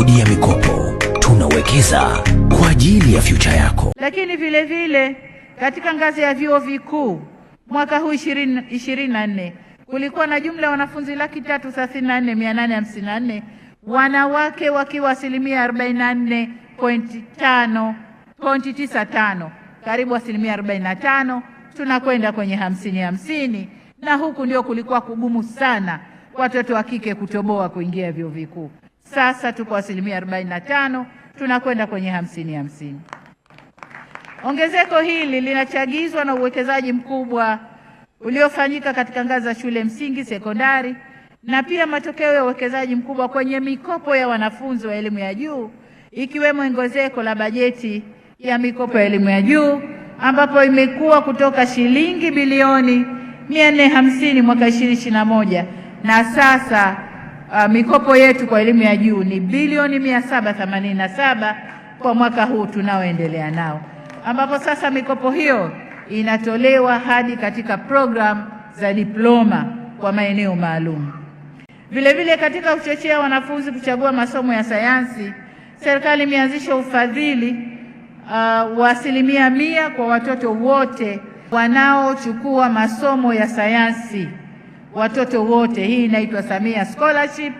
Maksudi ya mikopo tunawekeza kwa ajili ya future yako. Lakini vile vile katika ngazi ya vyuo vikuu mwaka huu 2024 kulikuwa na jumla ya wanafunzi laki tatu thelathini na nne mia nane hamsini na nne wanawake wakiwa asilimia 44.95 karibu asilimia 45, tunakwenda kwenye hamsini hamsini, na huku ndio kulikuwa kugumu sana watoto wa kike kutoboa kuingia vyuo vikuu. Sasa tuko asilimia 45, tunakwenda kwenye hamsini hamsini. Ongezeko hili linachagizwa na uwekezaji mkubwa uliofanyika katika ngazi za shule msingi, sekondari na pia matokeo ya uwekezaji mkubwa kwenye mikopo ya wanafunzi wa elimu ya juu ikiwemo ongezeko la bajeti ya mikopo ya elimu ya juu ambapo imekuwa kutoka shilingi bilioni 450 mwaka 2021 na sasa uh, mikopo yetu kwa elimu ya juu ni bilioni mia saba kwa mwaka huu tunaoendelea nao, ambapo sasa mikopo hiyo inatolewa hadi katika programu za diploma kwa maeneo maalum. Vilevile, katika kuchochea wanafunzi kuchagua masomo ya sayansi, serikali imeanzisha ufadhili uh, wa asilimia mia kwa watoto wote wanaochukua masomo ya sayansi watoto wote. Hii inaitwa Samia Scholarship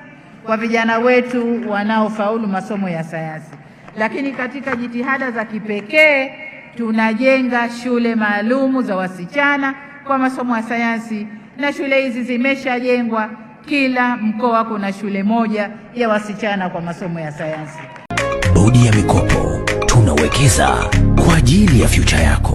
kwa vijana wetu wanaofaulu masomo ya sayansi. Lakini katika jitihada za kipekee tunajenga shule maalumu za wasichana kwa masomo ya sayansi, na shule hizi zimeshajengwa. Kila mkoa kuna shule moja ya wasichana kwa masomo ya sayansi. Bodi ya mikopo tunawekeza kwa ajili ya future yako.